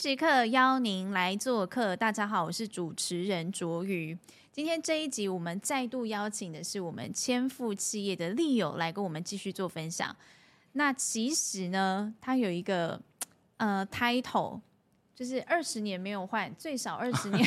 時刻邀您來做客，大家好，我是主持人卓瑜。今天這一集，我們再度邀請的是我們千富企業的利友來跟我們繼續做分享。那其實呢，他有一個呃 title，就是二十年沒有換，最少二十年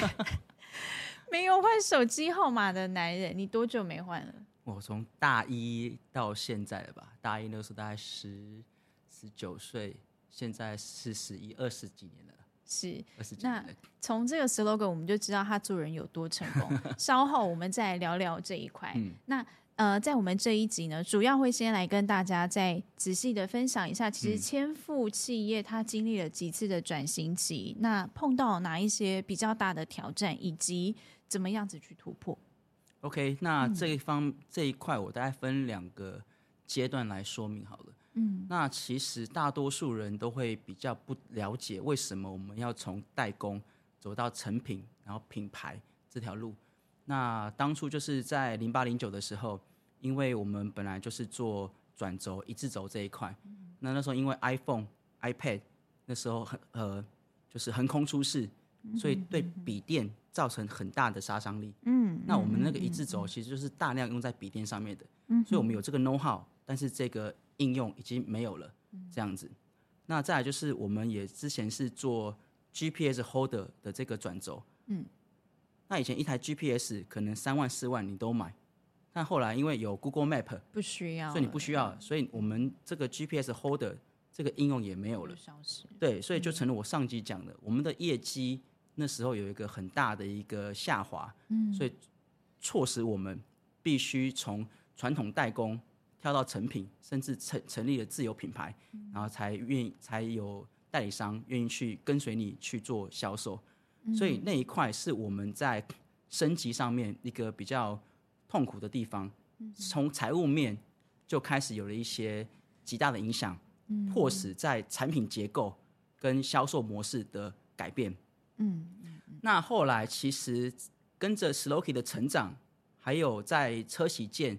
沒有換手機號碼的男人。你多久沒換了？我從大一到現在了吧，大一那時候大概十十九歲，現在是十一二十幾年了。是，那從這個 slogan 我們就知道他做人有多成功。 稍後我們再來聊聊這一塊，嗯。那呃，在我們這一集呢，主要會先來跟大家再仔細的分享一下，其實千富企業它經歷了幾次的轉型期，嗯，那碰到哪一些比較大的挑戰，以及怎麼樣子去突破。OK，那這一方、嗯、這一塊，我大概分兩個階段來說明好了。嗯，那其實大多數人都會比較不了解為什麼我們要從代工走到成品，然後品牌這條路。那當初就是在零八零九的時候，因為我們本來就是做轉軸、一字軸這一塊，那、嗯、那時候因為 iPhone、iPad 那時候很呃就是橫空出世，所以對筆電造成很大的殺傷力嗯。嗯，那我們那個一字軸其實就是大量用在筆電上面的、嗯，所以我們有這個 know-how，但是這個。應用已經沒有了，這樣子、嗯。那再來就是，我們也之前是做 GPS holder 的這個轉軸，嗯。那以前一台 GPS 可能三萬四萬你都買，但後來因為有 Google Map，不需要，所以你不需要、嗯。所以我們這個 GPS holder 這個應用也沒有了，消、嗯、失。對，所以就成了我上集講的、嗯，我們的業績那時候有一個很大的一個下滑，嗯，所以促使我們必須從傳統代工。跳到成品，甚至成成立了自有品牌、嗯，然後才願意才有代理商願意去跟隨你去做銷售，所以那一塊是我們在升級上面一個比較痛苦的地方，嗯、從財務面就開始有了一些極大的影響、嗯，迫使在產品結構跟銷售模式的改變。嗯，那後來其實跟着 Sloky 的成長，還有在車銑件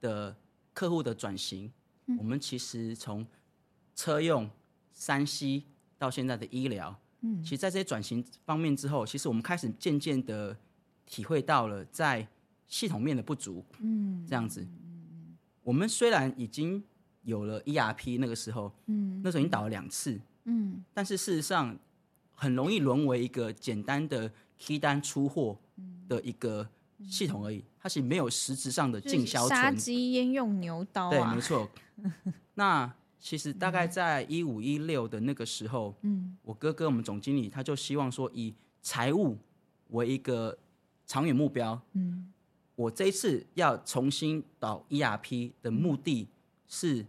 的客戶的轉型、嗯，我們其實從車用、3C 到現在的醫療，嗯，其實，在這些轉型方面之後，其實我們開始漸漸的體會到了在系統面的不足，嗯，這樣子。嗯，我們雖然已經有了 ERP，那個時候，嗯，那時候已經倒了兩次，嗯，但是事實上很容易淪為一個簡單的 key 單出貨的一個。系統而已，它是沒有實質上的進銷存。就是殺雞焉用牛刀啊？對，沒錯。 那其實大概在一五一六的那個時候，嗯，我哥跟我們總經理，他就希望說以財務為一個長遠目標，嗯，我這一次要重新導 ERP 的目的是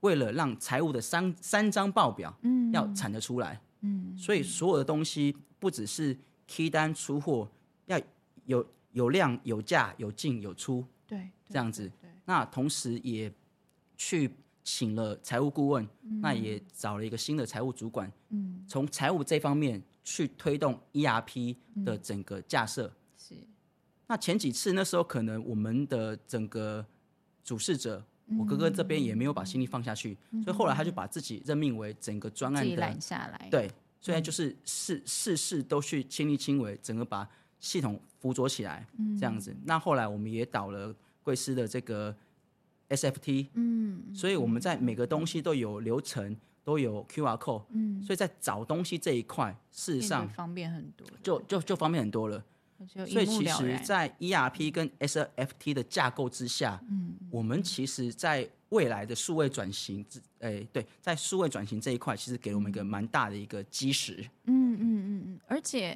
為了讓財務的三三張報表，嗯，要產得出來，嗯，所以所有的東西不只是 key 單出貨要有。有量有價，有進有出。對，這樣子對對對對。那同時也去請了財務顧問、嗯，那也找了一個新的財務主管，從、嗯、財務這方面去推動 ERP 的整個架設、嗯。是。那前幾次那時候，可能我們的整個主事者，嗯、我哥哥這邊也沒有把心力放下去、嗯，所以後來他就把自己任命為整個專案的，攬下來。對，雖然就是事事事都去親力親為，整個把。系統輔佐起來、嗯，這樣子。那後來我們也導了貴司的這個 SFT，嗯，所以我們在每個東西都有流程，嗯、都有 QR code，嗯，所以在找東西這一塊，事實上便方便很多，就就就方便很多了。對對所以其實，在 ERP 跟 SFT 的架構之下、嗯，我們其實在未來的數位轉型之，哎，對，在數位轉型這一塊，其實給我們一個蠻大的一個基石。嗯嗯嗯嗯，而且，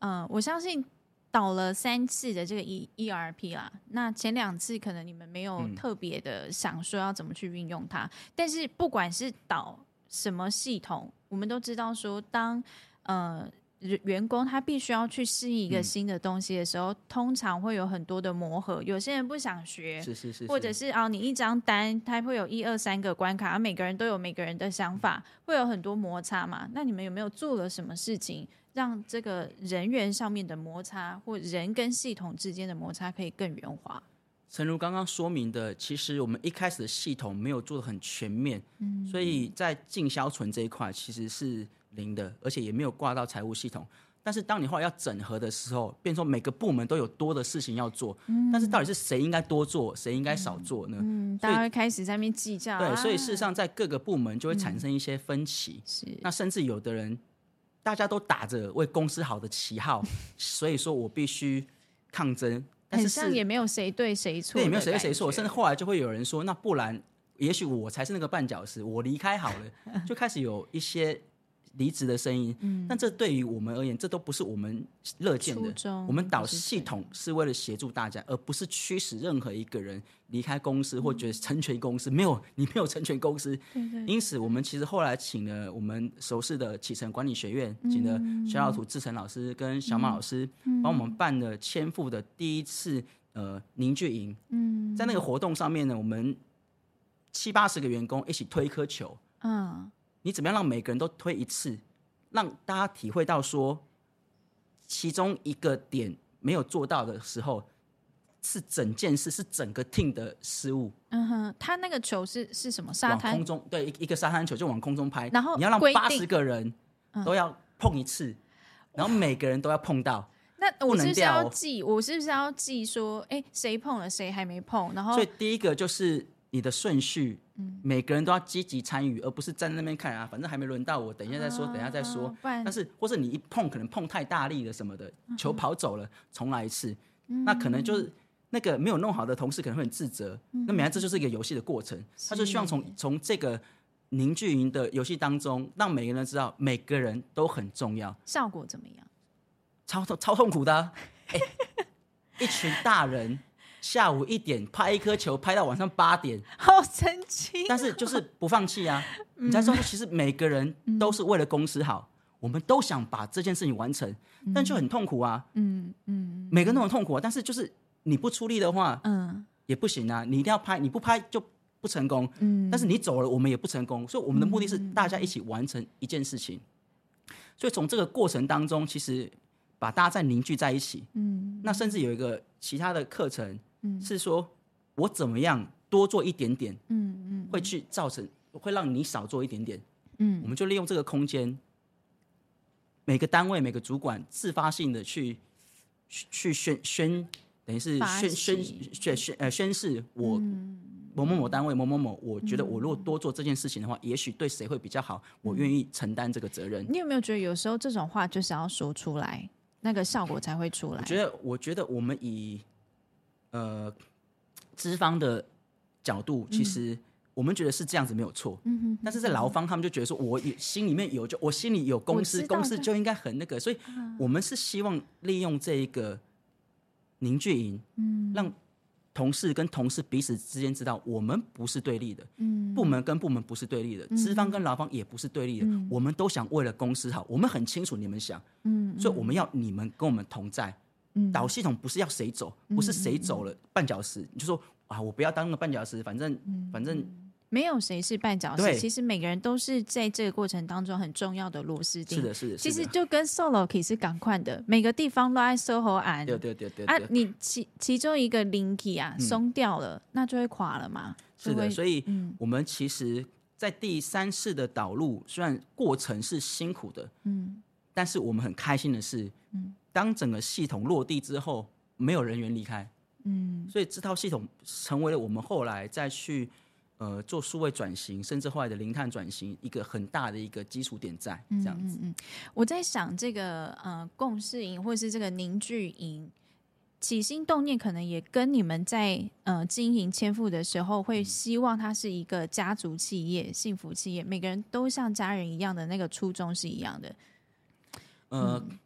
嗯、呃，我相信。導了三次的這個 E E R P 啦，那前兩次可能你們沒有特別的想說要怎麼去運用它，嗯、但是不管是導什麼系統，我們都知道說，當呃，呃員工他必須要去適應一個新的東西的時候，嗯，通常會有很多的磨合。有些人不想學，是是是是或者是啊、哦，你一張單他會有一二三個關卡，每個人都有每個人的想法、嗯，會有很多摩擦嘛。那你們有沒有做了什麼事情？讓這個人員上面的摩擦，或人跟系統之間的摩擦可以更圓滑。誠如剛剛說明的，其實我們一開始的系統沒有做得很全面，嗯，所以在進銷存這一塊其實是零的，而且也沒有掛到財務系統。但是當你後來要整合的時候，變成每個部門都有多的事情要做，嗯，但是到底是誰應該多做，誰應該少做呢？嗯，嗯大家會開始在那邊計較、啊。對，所以事實上在各個部門就會產生一些分歧，嗯、是，那甚至有的人。大家都打着為公司好的旗號，所以說我必須抗爭， 但是，是也沒有誰對誰錯。也沒有誰對誰錯，甚至後來就會有人說：“那不然，也許我才是那個絆腳石，我離開好了。 ”就開始有一些。離職的聲音、嗯，但這對於我們而言，這都不是我們樂見的。我們導師系統是為了協助大家，嗯就是，而不是驅使任何一個人離開公司或者成全公司、嗯。沒有，你沒有成全公司。對對、對、對。因此，我們其實後來請了我們熟悉的啟程管理學院，嗯、請的徐小土、志成老師跟小馬老師，幫、嗯、我們辦了千富的第一次、呃、凝聚營、嗯。在那個活動上面呢，我們七八十個員工一起推一顆球。嗯。嗯你怎麼樣讓每個人都推一次，讓大家體會到說，其中一個點沒有做到的時候，是整件事是整個 team 的失誤。嗯哼，他那個球是是什麼？沙灘？往空中對，一一個沙灘球就往空中拍。然後你要讓八十個人都要碰一次、嗯，然後每個人都要碰到。那我是不是要記、哦？我是不是要記說，哎，誰碰了，誰還沒碰？然後所以第一個就是。你的順序、嗯，每個人都要積極參與，而不是站在那邊看啊。反正還沒輪到我，等一下再說，啊、等一下再說、啊。但是，或是你一碰，可能碰太大力了什麼的，嗯、球跑走了，重來一次。嗯、那可能就是那個沒有弄好的同事可能會很自責。嗯、那本來這就是一個遊戲的過程、嗯，他就希望從從、欸欸、這個凝聚營的遊戲當中，讓每個人知道每個人都很重要。效果怎麼樣？超痛，超痛苦的、啊 欸。一群大人。 下午一點拍一顆球，拍到晚上八點， 好神奇、哦。但是就是不放棄啊！ 你在說，其實每個人都是為了公司好，嗯、我們都想把這件事情完成，嗯、但就很痛苦啊。嗯嗯，每個人都很痛苦啊。但是就是你不出力的話，嗯，也不行啊。你一定要拍，你不拍就不成功。嗯，但是你走了，我們也不成功。所以我們的目的是大家一起完成一件事情。嗯嗯，所以從這個過程當中，其實把大家再凝聚在一起。嗯，那甚至有一個其他的課程。嗯，是說，我怎麼樣多做一點點，嗯嗯，會去造成，會讓你少做一點點，嗯，我們就利用這個空間，每個單位每個主管自發性的去去宣宣，等於是宣宣宣宣呃宣示我某某某單位某某某，我覺得我如果多做這件事情的話，嗯，也許對誰會比較好，我願意承擔這個責任。你有沒有覺得有時候這種話就想要說出來，那個效果才會出來？我覺得，我覺得我們以。呃，資方的角度，其實我們覺得是這樣子沒有錯。嗯哼。但是在勞方，他們就覺得說我也，我 心裡面有就，我心裡有公司，公司就應該很那個，所以我們是希望利用這一個凝聚營，嗯，讓同事跟同事彼此之間知道，我們不是對立的，嗯，部門跟部門不是對立的，嗯、資方跟勞方也不是對立的，嗯，我們都想為了公司好，我們很清楚你們想，嗯，所以我們要你們跟我們同在。導、嗯、系統不是要誰走，不是誰走了絆腳石，你就說啊，我不要當個絆腳石，反正、嗯、反正沒有誰是絆腳石，其實每個人都是在這個過程當中很重要的螺絲釘。是的，是的，其實就跟 solokey 是相關的，每個地方都愛 soho 對對對對啊，你其其中一個 link 啊鬆掉了、嗯，那就會垮了嘛。是的，所以我們其實，在第三次的導入、嗯，雖然過程是辛苦的，嗯，但是我們很開心的是，嗯。當整個系統落地之後，沒有人員離開，嗯，所以這套系統成為了我們後來再去呃做數位轉型，甚至後來的零碳轉型一個很大的一個基礎點在這樣子。嗯嗯嗯我在想這個呃共識營或是這個凝聚營，起心動念可能也跟你們在呃經營千富的時候會希望它是一個家族企業、幸福企業，每個人都像家人一樣的那個初衷是一樣的。呃。嗯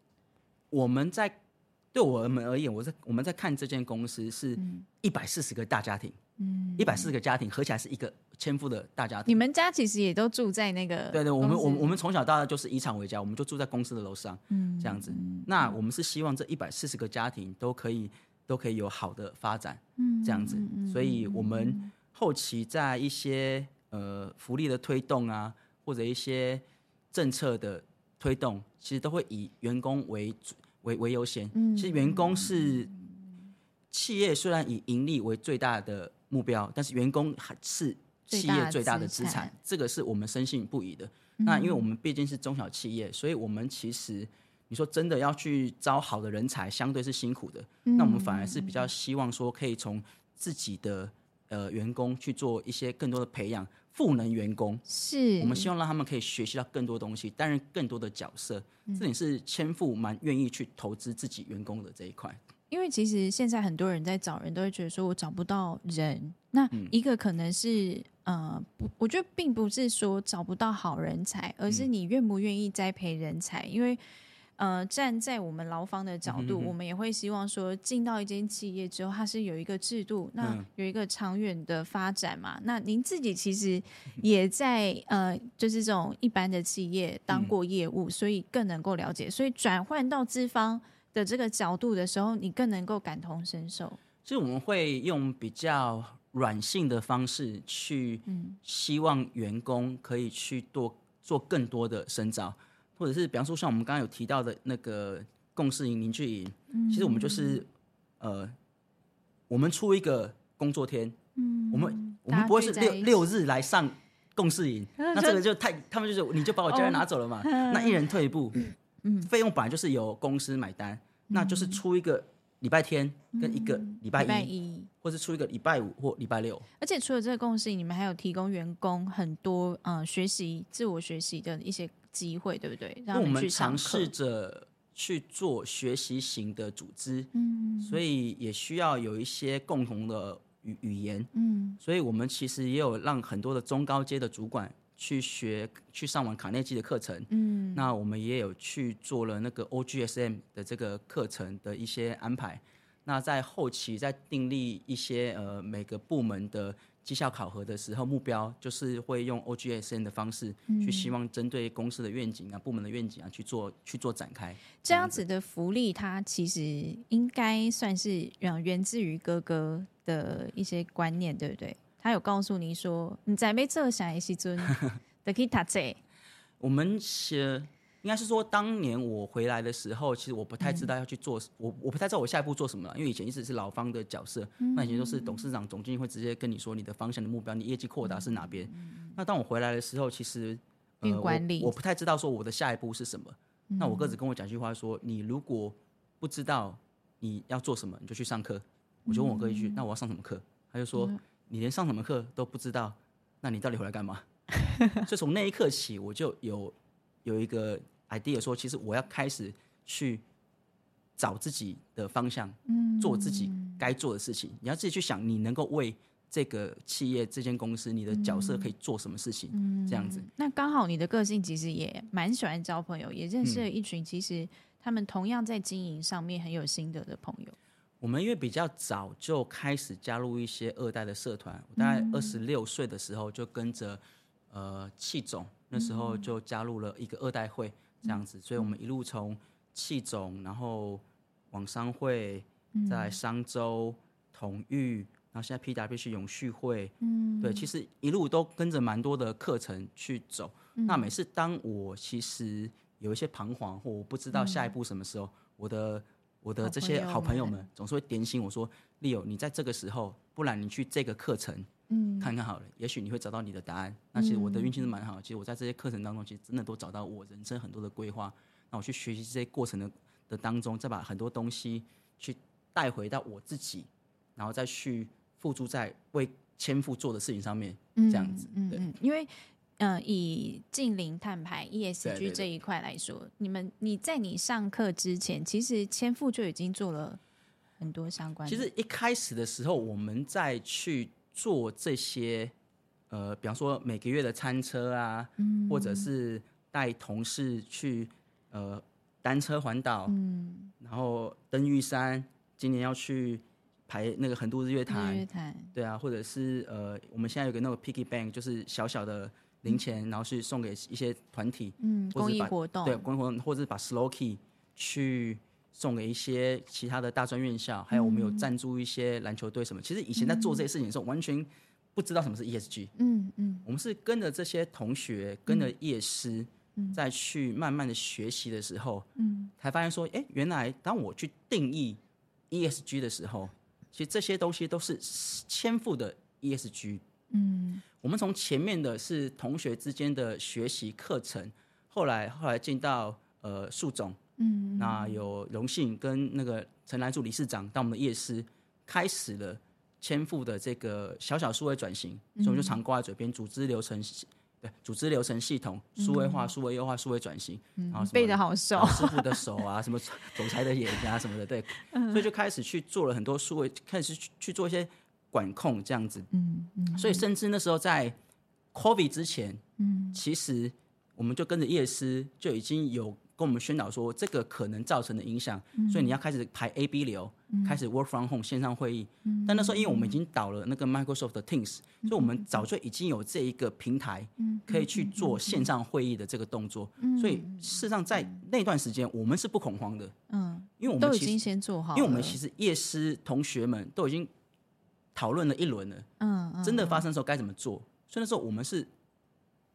我們在對我們而言，我在我們在看這間公司是一百四十個大家庭，嗯，一百四十個家庭合起來是一個千富的大家庭。你們家其實也都住在那個？對對，我們我我們從小到大就是以廠為家，我們就住在公司的樓上，嗯，這樣子。嗯、那我們是希望這一百四十個家庭都可以都可以有好的發展，嗯，這樣子。嗯、所以我們後期在一些呃福利的推動啊，或者一些政策的推動，其實都會以員工為主。為為優先，其實員工是企業，雖然以盈利為最大的目標，但是員工還是企業最大,最大的資產，這個是我們深信不疑的。那因為我們畢竟是中小企業，所以我們其實你說真的要去招好的人才，相對是辛苦的。那我們反而是比較希望說，可以從自己的。呃，員工去做一些更多的培養，賦能員工，是我們希望讓他們可以學習到更多東西，擔任更多的角色。嗯、這點是千富蠻願意去投資自己員工的這一塊。因為其實現在很多人在找人，都會覺得說我找不到人。那一個可能是、嗯、呃，我覺得並不是說找不到好人才，而是你願不願意栽培人才。因為呃，站在我們勞方的角度，嗯、我們也會希望說，進到一間企業之後，它是有一個制度，那有一個長遠的發展嘛。嗯、那您自己其實也在呃，就是這種一般的企業當過業務、嗯，所以更能夠了解。所以轉換到資方的這個角度的時候，你更能夠感同身受。所以我們會用比較軟性的方式去，希望員工可以去多做更多的深造。或者是比方說像我們剛剛有提到的那個共識營、凝聚營、嗯，其實我們就是、嗯，呃，我們出一個工作天，嗯、我們我們不會是六六日來上共識營、嗯，就是，那這個就太他們就是，你就把我家人拿走了嘛，哦、那一人退一步，費、嗯嗯、用本來就是由公司買單，嗯、那就是出一個。禮拜天跟一個禮拜一、嗯、禮拜一，或是出一個禮拜五或禮拜六，而且除了這個共性，你們還有提供員工很多嗯、呃、學習、自我學習的一些機會，對不對？讓你去上課。我們嘗試着去做學習型的組織，嗯，所以也需要有一些共同的語語言，嗯，所以我們其實也有讓很多的中高階的主管。去學去上完卡內基的課程，嗯，那我們也有去做了那個 OGSM 的這個課程的一些安排。那在後期，在訂立一些呃每個部門的績效考核的時候，目標就是會用 OGSM 的方式去，希望針對公司的願景啊、部門的願景啊去做去做展開這樣子。這樣子的福利，它其實應該算是源源自於哥哥的一些觀念，對不對？他有告訴你說：“你在沒做啥也是准的，可以打這。”我們是應該是說，當年我回來的時候，其實我不太知道要去做，嗯、我我不太知道我下一步做什麼了，因為以前一直是老方的角色，嗯、那以前都是董事長、總經理會直接跟你說你的方向、的目標、你業績擴大是哪邊、嗯。那當我回來的時候，其實呃，管理我我不太知道說我的下一步是什麼。嗯、那我哥只跟我講一句話說：“你如果不知道你要做什麼，你就去上課。”我就問我哥一句：“嗯、那我要上什麼課？”他就說。嗯你連上什麼課都不知道，那你到底回來幹嘛？ 所以從那一刻起，我就有有一個 idea，說其實我要開始去找自己的方向，做自己該做的事情。嗯。你要自己去想，你能夠為這個企業、這間公司，你的角色可以做什麼事情？嗯，這樣子。那剛好你的個性其實也蠻喜歡交朋友，也認識了一群其實他們同樣在經營上面很有心得的朋友。嗯我們因為比較早就開始加入一些二代的社團，我大概二十六歲的時候就跟着，嗯、呃，氣總那時候就加入了一個二代會、嗯、這樣子，所以我們一路從氣總，然後網商會，在、嗯、商周同裕，然後現在 PwC 永續會，嗯，對，其實一路都跟着蠻多的課程去走。嗯、那每次當我其實有一些彷徨或我不知道下一步什麼時候，嗯、我的。我的這些好朋友們，朋友們總是會點醒我說 l 友，Leo, 你在這個時候，不然你去這個課程，看看好了，嗯，也許你會找到你的答案。”那其實我的運氣是蠻好的，其實我在這些課程當中，其實真的都找到我人生很多的規劃。那我去學習這些過程的的當中，再把很多東西去帶回到我自己，然後再去付諸在為千富做的事情上面，嗯，這樣子，對，因為。嗯、呃，以淨零碳排 ESG 這一塊來說，對對對，你們你在你上課之前，其實千富就已經做了很多相關。其實一開始的時候，我們在去做這些，呃，比方說每個月的餐車啊，嗯、或者是帶同事去呃單車環島，嗯，然後登玉山，今年要去排那個橫渡日月潭，日月潭，對啊，或者是呃，我們現在有個那個 Picky Bank，就是小小的。零錢，然後去送給一些團體，嗯或是把，公益活動，對，公益活動或者把 Slokey 去送給一些其他的大專院校，嗯，還有我們有贊助一些籃球隊什麼。其實以前在做這些事情的時候，嗯，完全不知道什麼是 ESG。嗯嗯，我們是跟着這些同學，跟着業師，再去慢慢的學習的時候，嗯，才發現說，哎，欸，原來當我去定義 ESG 的時候，其實這些東西都是千富的 ESG。嗯，我們從前面的是同學之間的學習課程，後來後來進到呃樹總，嗯，那有榮幸跟那個陳蘭柱理事長當我們的業師，開始了千富的這個小小數位轉型，嗯，所以我就常掛在嘴邊組織流程，對組織流程系統數位化，嗯，數位化，數位優化，數位轉型，嗯，然後什麼的背得好熟，師傅的手啊， 什麼總裁的眼睛啊什麼的，對，嗯，所以就開始去做了很多數位，開始去去做一些管控這樣子，嗯嗯，所以甚至那時候在 COVID 之前，嗯，其實我們就跟着葉師就已經有跟我們宣導說，這個可能造成的影響，嗯，所以你要開始排 A B 流，嗯，開始 Work from Home 線上會議。嗯，但那時候，因為我們已經導了那個 Microsoft 的 Teams，嗯，所以我們早就已經有這一個平台可以去做線上會議的這個動作。嗯，所以事實上，在那段時間，我們是不恐慌的，嗯，因為我們其實都已經先做好了，因為我們其實葉師同學們都已經。討論了一輪了，嗯，嗯，真的發生的時候該怎麼做？所以那時候我們是，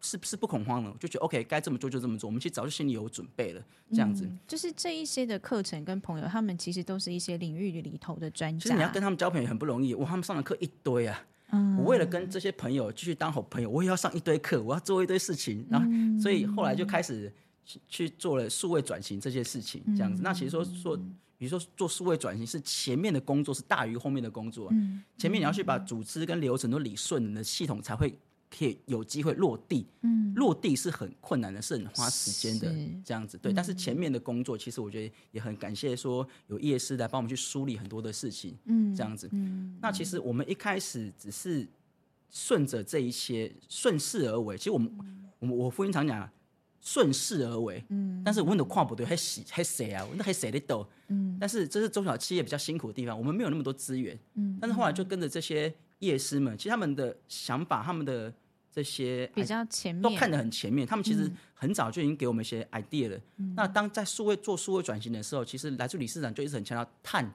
是是不恐慌了，就覺得 OK，該這麼做就這麼做。我們其實早就心裡有準備了，這樣子。嗯、就是這一些的課程跟朋友，他們其實都是一些領域裡頭的專家。所以你要跟他們交朋友很不容易，我他們上了課一堆啊、嗯。我為了跟這些朋友繼續當好朋友，我也要上一堆課，我要做一堆事情，然後、嗯、所以後來就開始去，去做了數位轉型這些事情，這樣子。嗯、那其實說說。比如說做數位轉型，是前面的工作是大於後面的工作、嗯。前面你要去把組織跟流程都理順、嗯，你的系統才會可以有機會落地。嗯，落地是很困難的，是很花時間的這樣子。對，但是前面的工作其實我覺得也很感謝，說有業師來幫我們去梳理很多的事情。嗯，這樣子。嗯嗯、那其實我們一開始只是順着這一些順勢而為。其實我們，嗯、我我父親常講、啊。順勢而為，嗯，但是我問的跨不對，還誰還誰啊？那還誰在抖，嗯，但是這是中小企業比較辛苦的地方，我們沒有那麼多資源，嗯，但是後來就跟着這些業師們、嗯，其實他們的想法，他們的這些比較前面都看得很前面，他們其實很早就已經給我們一些 idea 了。嗯、那當在數位做數位轉型的時候，其實來自理事長就一直很強調碳，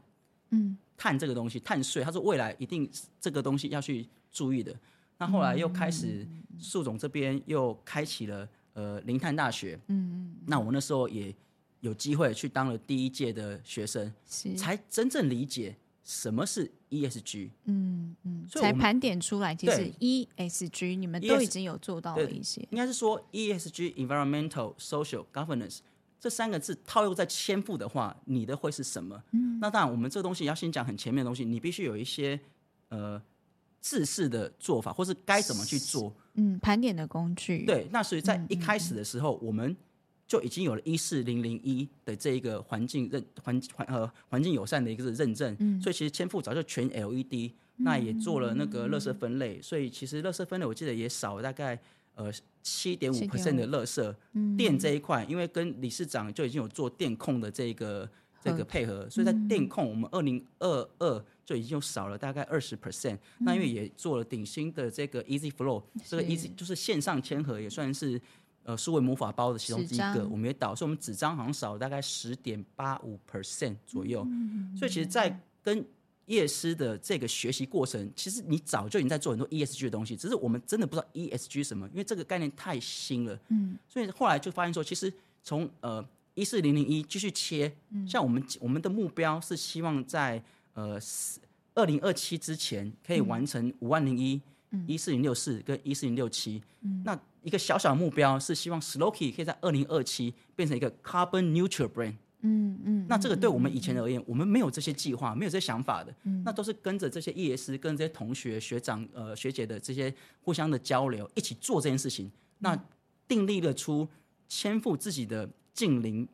嗯，碳這個東西，碳稅，他說未來一定這個東西要去注意的。那後來又開始樹總、嗯嗯嗯嗯、這邊又開啟了。呃，林泰大學，嗯，那我那時候也有機會去當了第一屆的學生，是才真正理解什麼是 ESG，嗯嗯，嗯才盤點出來，其實 ESG 你們都已經有做到了一些，ES, 應該是說 ESG（Environmental, Social, Governance） 這三個字套用在千富的話，你的會是什麼？嗯，那當然，我們這個東西要先講很前面的東西，你必須有一些呃。制式的做法，或是該怎麼去做？嗯，盤點的工具。對，那所以在一開始的時候，嗯嗯嗯我們就已經有了一四零零一的這一個環境認環環呃環境友善的一個認證。嗯，所以其實千富早就全 LED，那也做了那個垃圾分類嗯嗯嗯嗯。所以其實垃圾分類我記得也少了大概呃七點五%的垃圾。嗯，電這一塊，因為跟理事長就已經有做電控的這一個這個配合、嗯，所以在電控我們二零二二。所以已經少了大概二十 percent，那因為也做了鼎新的這個 Easy Flow，這個 Easy 就是線上簽核，也算是呃數位魔法包的其中之一個。我們也導致我們紙張好像少了大概十點八五 percent 左右嗯嗯嗯嗯。所以其實，在跟葉師的這個學習過程，其實你早就已經在做很多 ESG 的東西，只是我們真的不知道 ESG 什麼，因為這個概念太新了。嗯，所以後來就發現說，其實從呃一四零零一繼續切、嗯，像我們我們的目標是希望在。呃，是二零二七之前可以完成五萬零一、一四零六四跟一四零六七。那一個小小的目標是希望 Sloky 可以在二零二七變成一個 Carbon Neutral Brand。嗯嗯，那這個對我們以前而言，嗯嗯、我們沒有這些計劃、嗯，沒有這些想法的。嗯，那都是跟着這些 ES 跟着這些同學學長、呃學姐的這些互相的交流，一起做這件事情。嗯，那訂立了出，千富自己的淨零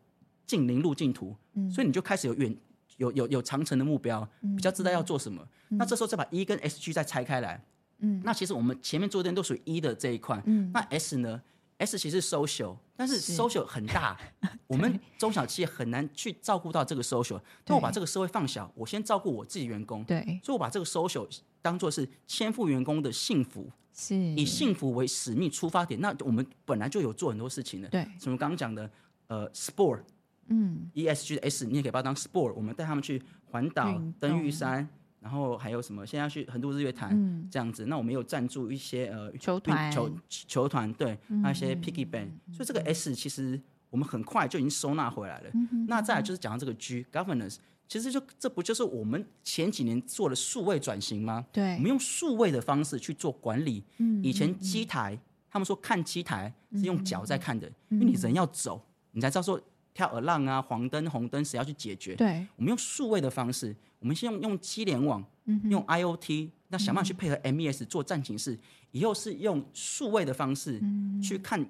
淨零路徑圖。嗯，所以你就開始有遠。有有有長程的目標，比較知道要做什麼，嗯。那這時候再把 E 跟 SG 再拆開來，嗯，那其實我們前面做的都屬於 E 的這一塊。嗯，那 S 呢？S 其實是 social，但是 social 很大， 我們中小企業很難去照顧到這個 social。那我把這個社會放小，我先照顧我自己員工。對，所以我把這個 social 當做是千富員工的幸福，是以幸福為使命出發點。那我們本來就有做很多事情的，對，什麼剛剛講的呃 sport。嗯，E S G 的 S 你也可以把它當 Sport，我們帶他們去環島、嗯、登玉山，然後還有什麼？現在要去橫渡日月潭、嗯、這樣子。那我們有贊助一些呃球團、球、嗯、球團隊、嗯、那些 Picky Band，、嗯、所以這個 S 其實我們很快就已經收納回來了、嗯嗯。那再來就是講到這個 G Governance，、嗯嗯、其實就這不就是我們前幾年做了數位轉型嗎？對、嗯，我們用數位的方式去做管理。嗯，以前機台、嗯、他們說看機台是用腳在看的、嗯，因為你人要走，你才知道說。跳 alarm 啊，黃燈、紅燈誰要去解決？對，我們用數位的方式，我們先用用機聯網、嗯哼，用 IOT，那想辦法去配合 MES 做戰情室，以後是用數位的方式、嗯、哼去看，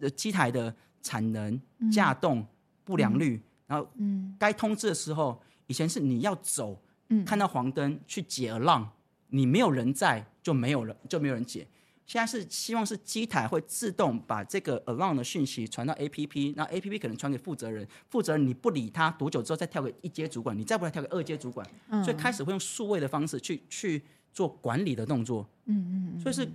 的機台的產能、稼動、嗯、不良率，嗯、然後，嗯，該通知的時候，以前是你要走，嗯，看到黃燈去解 alarm，你沒有人在就沒有人，就沒有人解。現在是希望是機台會自動把這個 alarm 的訊息傳到 A P P，那 A P P 可能傳給負責人，負責人你不理他多久之後再跳給一階主管，你再不來跳給二階主管、嗯，所以開始會用數位的方式去去做管理的動作。嗯,嗯嗯。所以是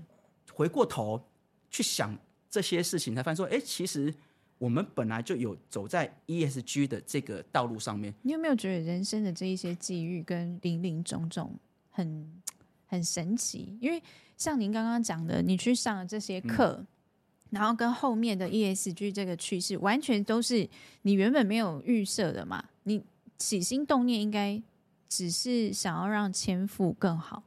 回過頭去想這些事情，才發現說，哎，其實我們本來就有走在 E S G 的這個道路上面。你有沒有覺得人生的這一些際遇跟林林總總很？很神奇，因為像您剛剛講的，你去上了這些課、嗯，然後跟後面的 ESG 這個趨勢，完全都是你原本沒有預設的嘛。你起心動念應該只是想要讓千富更好。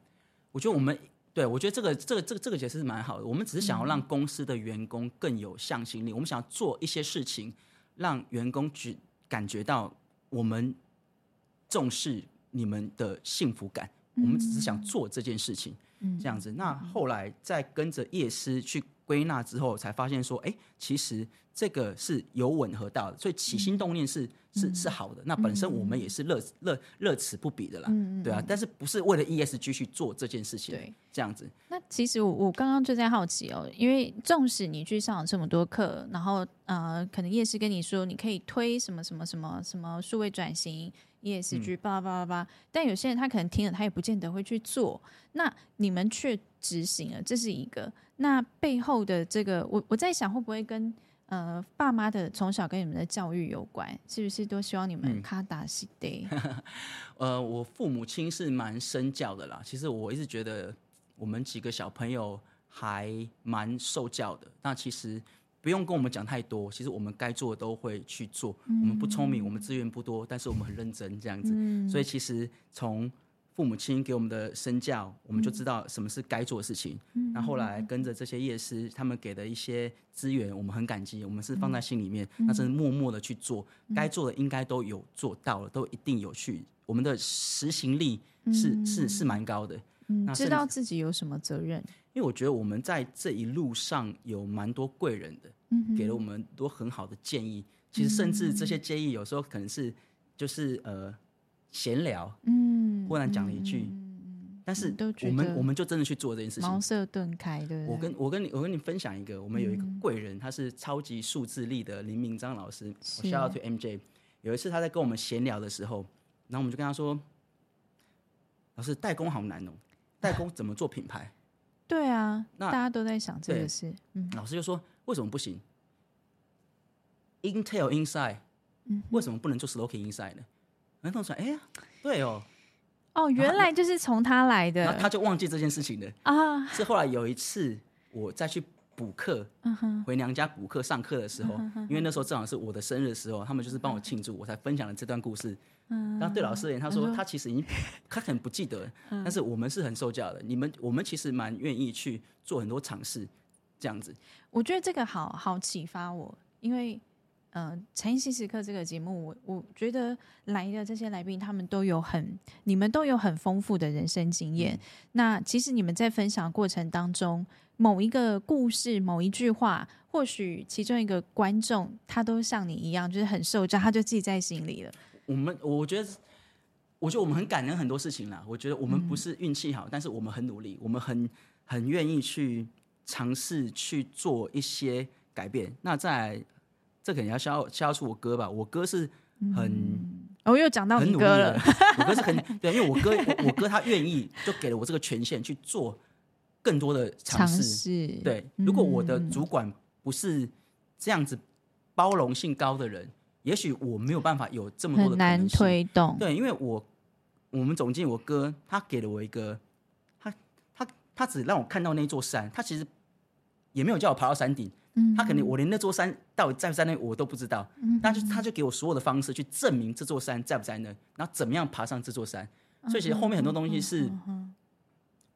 我覺得我們對，我覺得這個這個這個這個解釋是蠻好的。我們只是想要讓公司的員工更有向心力，嗯、我們想要做一些事情，讓員工覺感覺到我們重視你們的幸福感。我們只是想做這件事情、嗯，這樣子。那後來再跟着葉師去歸納之後，才發現說，哎、欸，其實這個是有吻合到的。所以起心動念是、嗯、是是好的。那本身我們也是樂樂樂此不疲的啦、嗯，對啊。但是不是為了 ESG 去做這件事情？對，這樣子。那其實我我剛剛就在好奇哦，因為縱使你去上了這麼多課，然後呃，可能葉師跟你說，你可以推什麼什麼什麼什麼數位轉型。ESG，叭叭叭叭，但有些人他可能聽了，他也不見得會去做。那你們卻執行了，這是一個。那背後的這個，我我在想，會不會跟呃爸媽的從小跟你們的教育有關？是不是都希望你們卡達西 day？呃，我父母親是蠻身教的啦。其實我一直覺得我們幾個小朋友還蠻受教的。那其實。不用跟我們講太多，其實我們該做的都會去做。嗯、我們不聰明，我們資源不多，但是我們很認真這樣子。嗯、所以其實從父母親給我們的身教，我們就知道什麼是該做的事情。那、嗯、後，後來跟着這些業師，他們給的一些資源，我們很感激，我們是放在心裡面。那、嗯、真的默默的去做該做的，應該都有做到了，都一定有去。我們的執行力是、嗯、是是蠻高的。嗯、知道自己有什麼責任，因為我覺得我們在這一路上有蠻多貴人的，嗯，給了我們多很好的建議。嗯、其實，甚至這些建議有時候可能是、嗯、就是呃閒聊，嗯，忽然講了一句、嗯，但是我們、嗯、我們就真的去做這件事情，茅塞頓開，對不對？我跟我跟你我跟你分享一個，我們有一個貴人、嗯，他是超級數字力的林明章老師，我叫他叫 MJ。有一次他在跟我們閒聊的時候，然後我們就跟他說，老師代工好難哦。代工怎麼做品牌？對啊，那大家都在想這個事、嗯。老師就說：“為什麼不行？Intel Inside，、嗯、為什麼不能做 Sloky Inside 呢？”然後說：“哎呀，對哦，哦，原來就是從他來的。”那他就忘記這件事情的啊。是後來有一次我再去。補課，回娘家補課上課的時候，uh -huh. 因為那時候正好是我的生日的時候，他們就是幫我慶祝，我才分享了這段故事。然後、uh -huh. 對老師而言，他說他其實已經、uh -huh. 他可能不記得，uh -huh. 但是我們是很受教的。你們我們其實蠻願意去做很多嘗試，這樣子。我覺得這個好好啟發我，因為。嗯、呃，《產業心時刻》這個節目，我我覺得來的這些來賓，他們都有很，你們都有很豐富的人生經驗、嗯。那其實你們在分享過程當中，某一個故事、某一句話，或許其中一個觀眾，他都像你一樣，就是很受教，他就記在心裡了。我們，我覺得，我覺得我們很感恩，很多事情啦、嗯，我覺得我們不是運氣好，但是我們很努力，我們很很願意去嘗試去做一些改變。那在。這肯定要消消除我哥吧，我哥是很，嗯、哦又講到你哥了，很努力的 我哥是很，對，因為我哥我，我哥他願意就給了我這個權限去做更多的嘗試，嘗試，對，如果我的主管不是這樣子包容性高的人，嗯、也許我沒有辦法有這麼多的難推動，對，因為我我們總經理我哥他給了我一個他他他只讓我看到那座山，他其實也沒有叫我爬到山頂。嗯、他肯定，我連那座山到底在不在那，我都不知道。嗯，那就他就給我所有的方式去證明這座山在不在那，然後怎麼樣爬上這座山。所以其實後面很多東西是，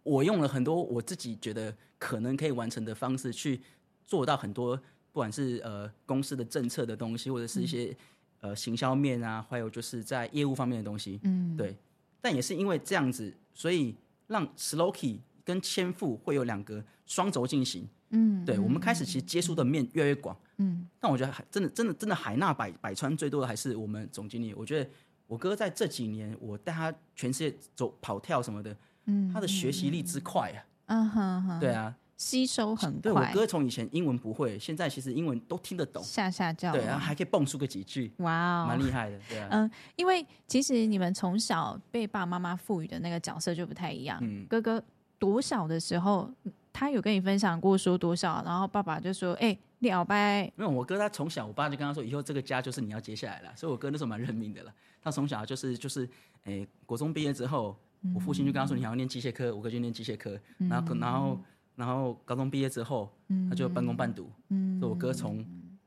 我用了很多我自己覺得可能可以完成的方式去做到很多，不管是呃公司的政策的東西，或者是一些、嗯、呃行銷面啊，還有就是在業務方面的東西。嗯，對。但也是因為這樣子，所以讓 Sloky 跟千富會有兩個雙軸進行。嗯，對嗯，我們開始其實接觸的面越來越廣，嗯，但我覺得還真的真的真的海納百百川，最多的還是我們總經理。我覺得我哥哥在這幾年，我帶他全世界走跑跳什麼的，嗯、他的學習力之快啊，嗯哼哈、嗯嗯，對啊，吸收很快。對，我哥從以前英文不會，現在其實英文都聽得懂，下下叫，對，啊，然後還可以蹦出個幾句，哇、哦，蠻厲害的，對、啊。嗯、呃，因為其實你們從小被爸爸媽媽賦予的那個角色就不太一樣，嗯、哥哥多小的時候。他有跟你分享過說多少？然後爸爸就說：“哎、欸，你好拜！”沒有，我哥他從小，我爸就跟他說：“以後這個家就是你要接下來了。”所以，我哥那時候蠻認命的了。他從小就是就是，哎，國中畢業之後嗯嗯，我父親就跟他說：“你要念機械科。”我哥就念機械科。然後嗯嗯，然後，然後高中畢業之後，他就半工半讀。嗯，嗯，所以我哥從。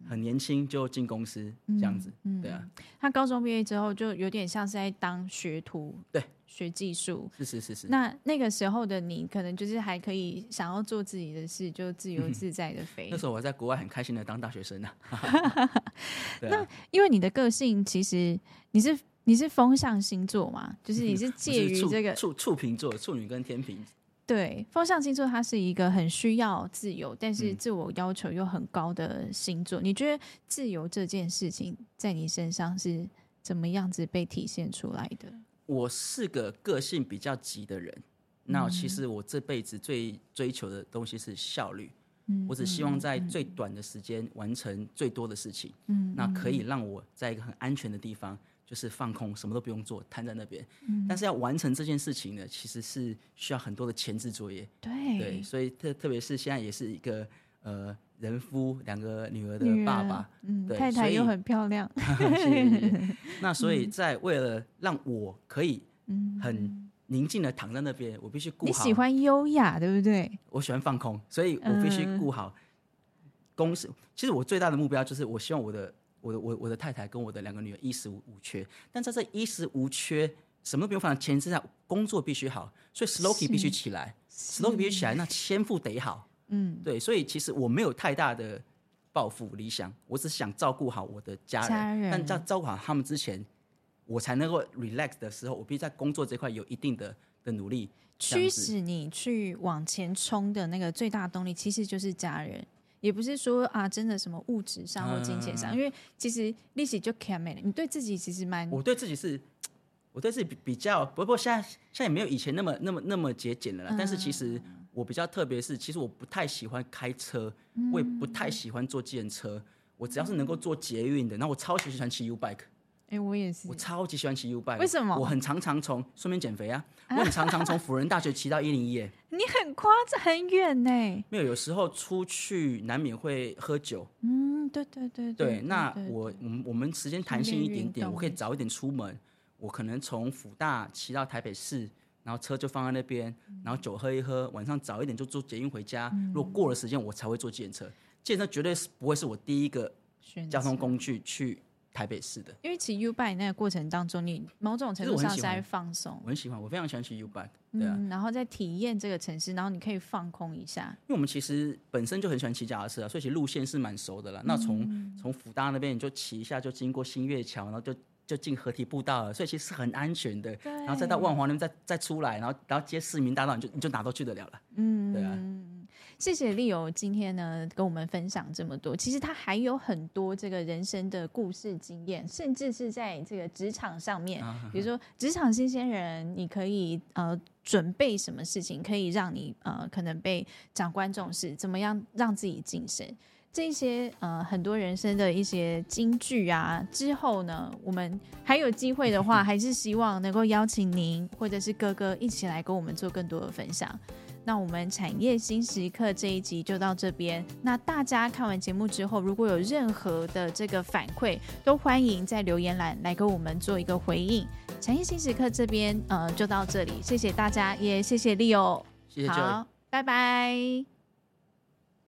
很年輕就進公司這樣子、嗯嗯，對啊。他高中畢業之後就有點像是在當學徒，對，學技術。是是是是。那那個時候的你，可能就是還可以想要做自己的事，就自由自在的飛。嗯、那時候我在國外很開心的當大學生呢、 啊。那因為你的個性，其實你是你是風象星座嘛，就是你是介於這個處處 平座、處女跟天秤。對，風向星座它是一個很需要自由，但是自我要求又很高的星座。嗯，你覺得自由這件事情在你身上是怎麼樣子被體現出來的？我是個個性比較急的人。嗯，那其實我這輩子最追求的東西是效率。嗯，我只希望在最短的時間完成最多的事情。嗯，那可以讓我在一個很安全的地方。就是放空，什麼都不用做，癱在那邊、嗯。但是要完成這件事情呢，其實是需要很多的前置作業。對對，所以特特別是現在也是一個呃人夫，兩個女兒的爸爸，嗯、對，太太又很漂亮。 那所以在為了讓我可以很寧靜的躺在那邊、嗯，我必須顧好。你喜歡優雅，對不對？我喜歡放空，所以我必須顧好公司、呃。其實我最大的目標就是，我希望我的。我的我我的太太跟我的兩個女兒衣食無缺，但在這衣食無缺、什麼都不用煩惱的前提下，工作必須好，所以 Sloky 必須起來 Sloky 必須起來，那千富得好，嗯，對，所以其實我沒有太大的抱負理想，我只想照顧好我的家人。家人，但在照顧好他們之前，我才能夠 relax 的時候，我必須在工作這塊有一定的的努力。驅使你去往前衝的那個最大動力，其實就是家人。也不是說啊，真的什麼物質上或金錢上、嗯，因為其實利息就 came in 了。你對自己其實蠻……我對自己是，我對自己比較不不，現在現在也沒有以前那麼那麼那麼節儉了啦、嗯。但是其實我比較特別是，其實我不太喜歡開車，我也不太喜歡坐計程車、嗯。我只要是能夠坐捷運的，那我超級喜歡騎 U bike。欸、我也是，我超級喜歡騎 U-Bike，為什麼？我很常常從順便減肥啊，啊，我很常常從輔仁大學騎到一零一耶。你很誇張，很遠呢？沒有，有時候出去難免會喝酒。嗯，對對對，對，對，對，對，對，對，那我我們我們時間彈性一點點，我可以早一點出門。欸、我可能從輔大騎到台北市，然後車就放在那邊，然後酒喝一喝，晚上早一點就坐捷運回家、嗯。如果過了時間，我才會坐計程車。計程車絕對是不會是我第一個交通工具去。台北市的，因為騎 U bike 那個過程當中，你某種程度上是在放鬆。我很喜歡，我非常喜歡騎 U bike，對啊、嗯。然後再體驗這個城市，然後你可以放空一下。因為我們其實本身就很喜歡騎腳踏車，所以其實路線是蠻熟的了、嗯。那從從輔大那邊你就騎一下，就經過新月橋，然後就就進河堤步道了，所以其實是很安全的。然後再到萬華那邊再再出來，然後然後接市民大道，你就你就哪都去得了了。嗯，對啊。謝謝麗友今天呢，跟我們分享這麼多，其實他還有很多這個人生的故事經驗，甚至是在這個職場上面，比如說職場新鮮人，你可以呃準備什麼事情可以讓你呃可能被長官重視，怎麼樣讓自己晉升，這些呃很多人生的一些金句啊。之後呢，我們還有機會的話，還是希望能夠邀請您或者是哥哥一起來跟我們做更多的分享。那我們產業心時刻這一集就到這邊。那大家看完節目之後，如果有任何的這個反饋，都歡迎在留言欄來給我們做一個回應。產業心時刻這邊，呃，就到這裡，謝謝大家，也謝謝 Leo、哦、好，拜拜。